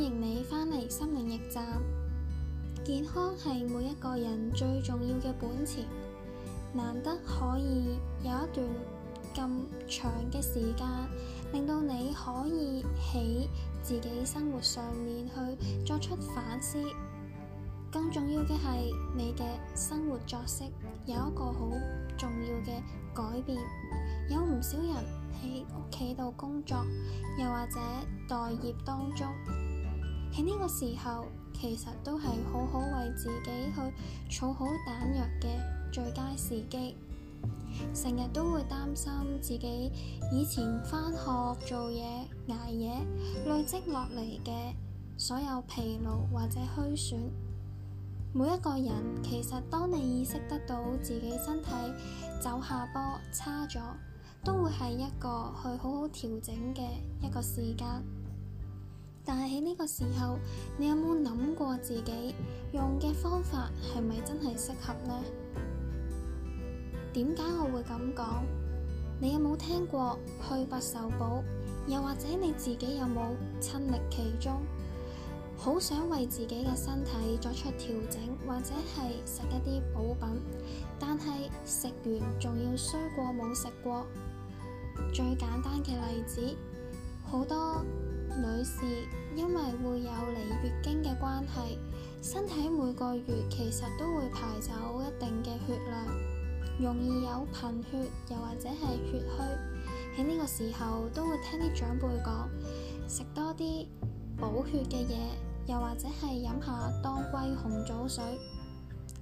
歡迎你返嚟心靈驛站。健康係每一個人最重要嘅本錢，難得可以有一段咁長嘅時間，令到你可以喺自己生活上面去作出反思。更重要嘅係，你嘅生活作息有一個好重要嘅改變。有唔少人喺屋企度工作，又或者待業當中。喺呢個時候，其實都係好好為自己去儲好彈藥嘅最佳時機。成日都會擔心自己以前返學做嘢捱夜累積落嚟嘅所有疲勞或者虛損。每一個人其實，當你意識得到自己身體走下坡差咗，都會係一個去好好調整嘅一個時間。但係喺呢個時候，你有冇諗過自己用嘅方法係咪真係適合呢？點解我會咁講？你有冇聽過虛不受補？又或者你自己有冇親歷其中？好想為自己嘅身體作出調整，或者係食一啲補品，但係食完仲要衰過冇食過。最簡單嘅例子，好多。女士因為會有嚟月經嘅關係，身體每個月其實都會排走一定嘅血量，容易有貧血，又或者係血虛。喺呢個時候都會聽啲長輩講，食多啲補血嘅嘢，又或者係飲下當歸紅棗水。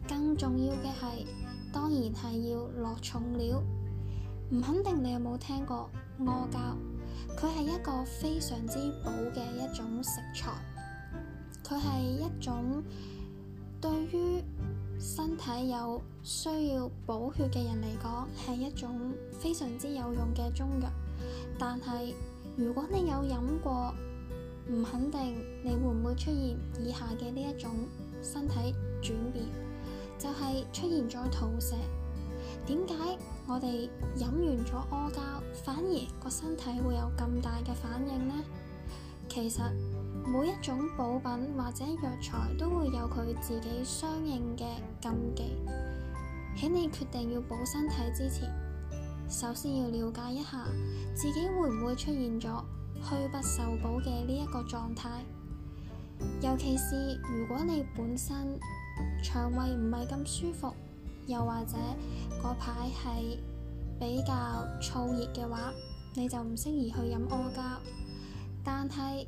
更重要嘅係，當然係要落重料。唔肯定你有冇聽過阿膠。佢係一個非常之補嘅一種食材，佢係一種對於身體有需要補血嘅人嚟講，係一種非常之有用嘅中藥。但係如果你有飲過，唔肯定你會唔會出現以下嘅呢一種身體轉變，就係、是、出現咗肚瀉，點解？我哋飲完咗阿膠，反而個身體會有咁大嘅反應呢？其實每一種補品或者藥材都會有佢自己相應嘅禁忌。喺你決定要補身體之前，首先要了解一下自己會唔會出現咗虛不受補嘅呢一個狀態。尤其是如果你本身腸胃唔係咁舒服。又或者嗰排係比較燥熱嘅話，你就唔適宜去飲阿膠。但係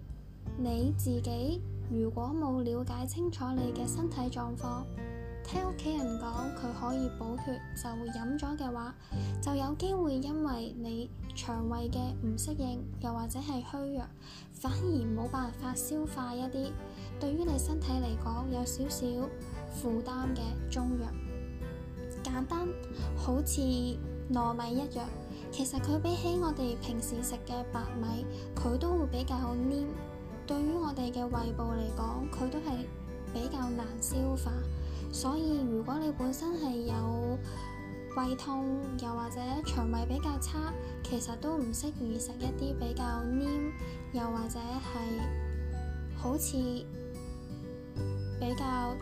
你自己如果冇了解清楚你嘅身體狀況，聽屋企人講佢可以補血，就會飲咗嘅話，就有機會因為你腸胃嘅唔適應，又或者係虛弱，反而冇辦法消化一啲對於你身體嚟講有少少負擔嘅中藥。簡單好似糯米一樣，其實佢比起我哋平時食嘅白米，佢都會比較好黏。對於我哋嘅胃部嚟講，佢都係比較難消化。所以如果你本身係有胃痛，又或者腸胃比較差，其實都唔適宜食一啲比較黏，又或者係好似比較。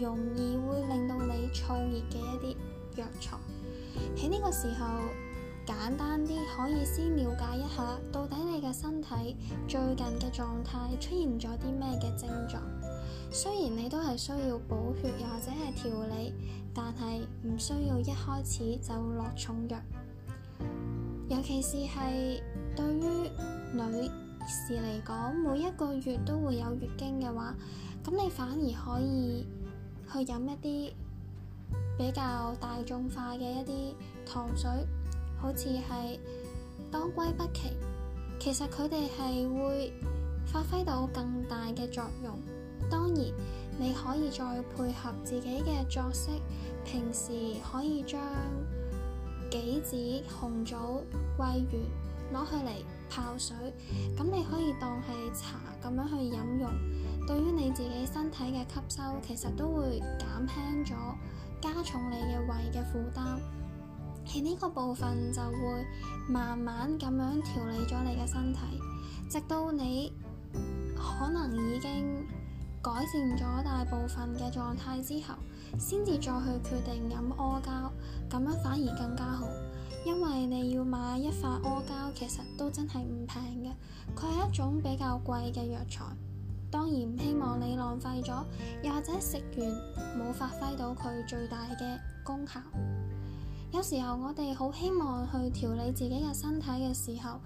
容易會令到你燥熱嘅一啲藥材，喺呢個時候簡單啲，可以先了解一下到底你嘅身體最近嘅狀態出現咗啲咩嘅症狀。雖然你都係需要補血又或者係調理，但係唔需要一開始就落重藥。尤其是係對於女士嚟講，每一個月都會有月經嘅話，咁你反而可以。去飲一啲比較大眾化嘅一啲糖水，好似係當歸北芪。其實佢哋係會發揮到更大嘅作用。當然，你可以再配合自己嘅作息，平時可以將杞子、紅棗、桂圓攞去嚟，泡水，咁你可以當係茶咁樣去飲用，對於你自己身體嘅吸收，其實都會減輕咗，加重你嘅胃嘅負擔，而、這、呢個部分就會慢慢咁樣調理咗你嘅身體，直到你可能已經改善咗大部分嘅狀態之後，先至再去決定飲阿膠，咁樣反而更加好。你要買一塊阿膠，其實都真係唔平嘅。佢係一種比較貴嘅藥材，當然唔希望你浪費咗，又或者食完冇發揮到佢最大嘅功效。有時候我哋好希望去調理自己嘅身體嘅時候，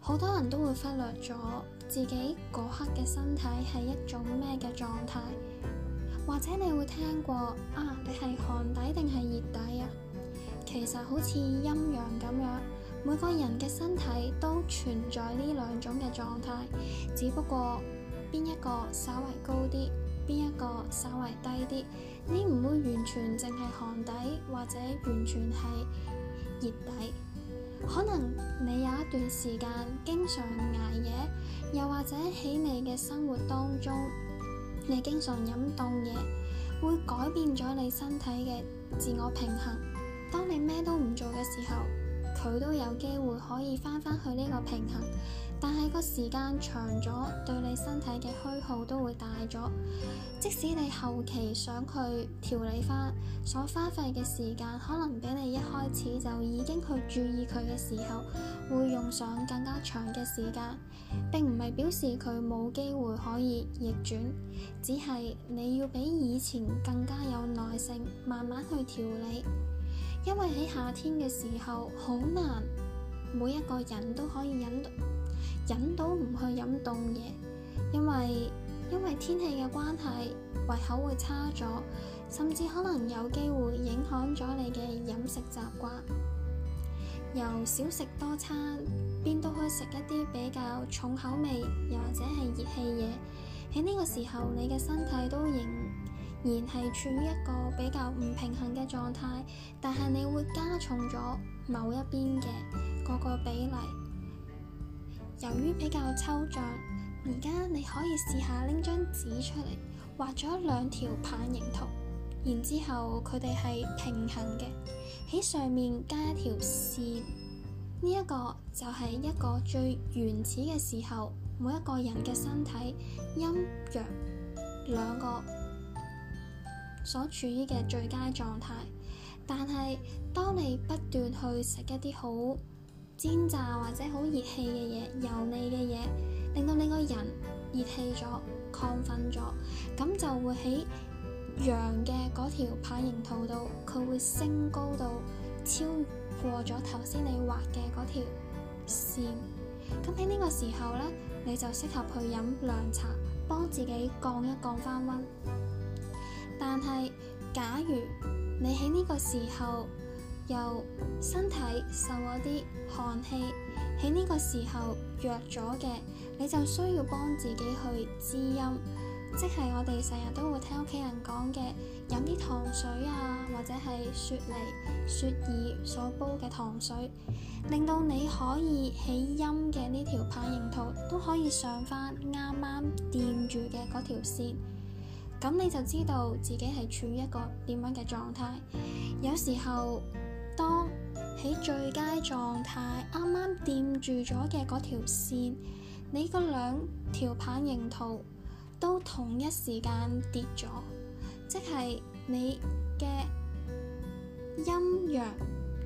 好多人都會忽略咗自己嗰刻嘅身體係一種咩嘅狀態，或者你會聽過啊，你係寒底定係熱底啊？其實好似陰陽咁樣，每個人嘅身體都存在呢兩種嘅狀態，只不過邊一個稍為高啲，邊一個稍為低啲，你唔會完全淨係寒底或者完全係熱底。可能你有一段時間經常挨夜，又或者喺你嘅生活當中，你經常飲凍嘢，會改變咗你身體嘅自我平衡。當你咩都唔做嘅時候，佢都有機會可以翻返去呢個平衡。但係個時間長咗，對你身體嘅虛耗都會大咗。即使你後期想去調理翻，所花費嘅時間可能比你一開始就已經去注意佢嘅時候，會用上更加長嘅時間，並唔係表示佢冇機會可以逆轉，只係你要比以前更加有耐性，慢慢去調理。因為喺夏天嘅時候，好難每一個人都可以忍到忍到唔去飲凍嘢，因為因為天氣嘅關係，胃口會差咗，甚至可能有機會影響咗你嘅飲食習慣，由少食多餐，邊都可以食一啲比較重口味，又或者係熱氣嘢，喺呢個時候你嘅身體都影。然係處於一個比較唔平衡嘅狀態，但係你會加重咗某一邊嘅個個比例。由於比較抽象，而家你可以試下拎張紙出嚟畫咗兩條棒形圖，然之後佢哋係平衡嘅。喺上面加一條線，呢一個就係一個最原始嘅時候，每一個人嘅身體陰陽兩個所處於嘅最佳狀態，但係當你不斷去食一啲好煎炸或者好熱氣嘅嘢、油膩嘅嘢，令到你個人熱氣咗、亢奮咗，咁就會喺陽嘅嗰條棒形圖度，佢會升高到超過咗頭先你畫嘅嗰條線。咁喺呢個時候呢，你就適合去飲涼茶，幫自己降一降翻温。但係，假如你喺呢個時候由身體受咗啲寒氣，喺呢個時候弱咗嘅，你就需要幫自己去滋陰，即係我哋成日都會聽屋企人講嘅，飲啲糖水啊，或者係雪梨、雪耳所煲嘅糖水，令到你可以起陰嘅呢條棒形圖都可以上翻啱啱掂住嘅嗰條線。咁你就知道自己係處於一個點樣嘅狀態。有時候，當喺最佳狀態啱啱掂住咗嘅嗰條線，你嗰兩條棒形圖都同一時間跌咗，即係你嘅陰陽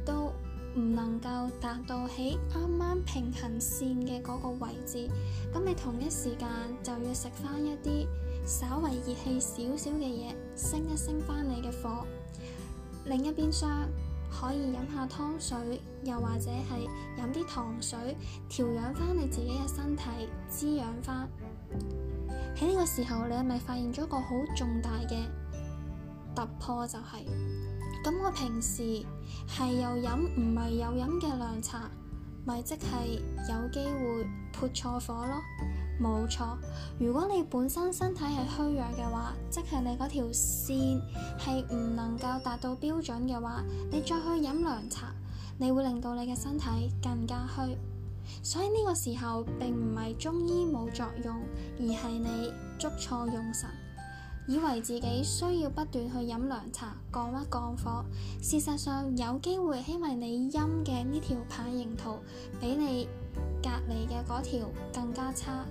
都唔能夠達到喺啱啱平衡線嘅嗰個位置。咁你同一時間就要食翻一啲。稍為熱氣少少嘅嘢，升一升翻你嘅火；另一邊廂可以飲下湯水，又或者係飲啲糖水，調養翻你自己嘅身體，滋養翻。喺呢個時候，你係咪發現咗個好重大嘅突破？就係咁，我平時係又飲唔係又飲嘅涼茶，咪即係有機會潑錯火咯。冇錯，如果你本身身體係虛弱嘅話，即係你嗰條線係唔能夠達到標準嘅話，你再去飲涼茶，你會令到你嘅身體更加虛。所以呢個時候並唔係中醫冇作用，而係你捉錯用神，以為自己需要不斷去飲涼茶降一降火。事實上，有機會因為你陰嘅呢條棒形圖比你隔籬嘅嗰條更加差。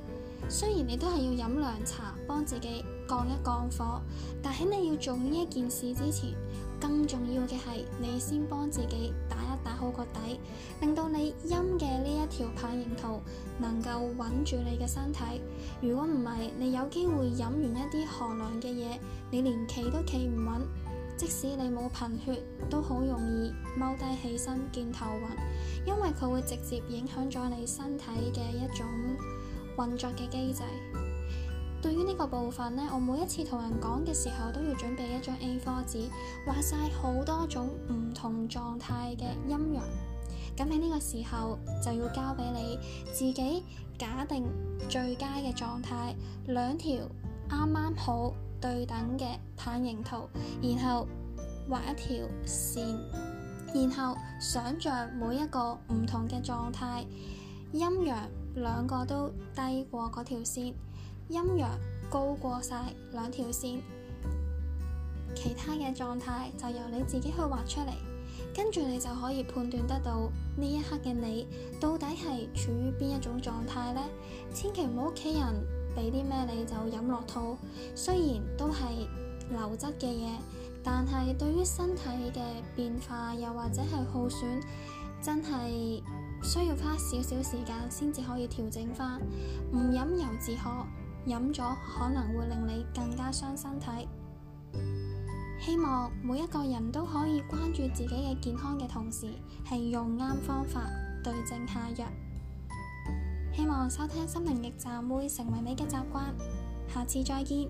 雖然你都係要飲涼茶幫自己降一降火，但喺你要做呢一件事之前，更重要嘅係你先幫自己打一打好個底，令到你陰嘅呢一條棒形圖能夠穩住你嘅身體。如果唔係，你有機會飲完一啲寒涼嘅嘢，你連企都企唔穩，即使你冇貧血都好容易踎低起身見頭暈，因為佢會直接影響咗你身體嘅一種運作嘅機制，對於呢個部分呢，我每一次同人講嘅時候都要準備一張 A4 紙，畫晒好多種唔同狀態嘅陰陽。咁喺呢個時候就要交俾你自己假定最佳嘅狀態，兩條啱啱好對等嘅棒形圖，然後畫一條線，然後想像每一個唔同嘅狀態陰陽。兩個都低過嗰條線，陰陽高過晒兩條線，其他嘅狀態就由你自己去畫出嚟，跟住你就可以判斷得到呢一刻嘅你到底係處於邊一種狀態呢。千祈唔好屋企人俾啲咩你就飲落肚，雖然都係流質嘅嘢，但係對於身體嘅變化，又或者係耗損，真係。需要花少少時間先至可以調整翻，唔飲猶自可，飲咗可能會令你更加傷身體。希望每一個人都可以關注自己嘅健康嘅同時，係用啱方法對症下藥。希望收聽心靈驛站會成為你嘅習慣，下次再見。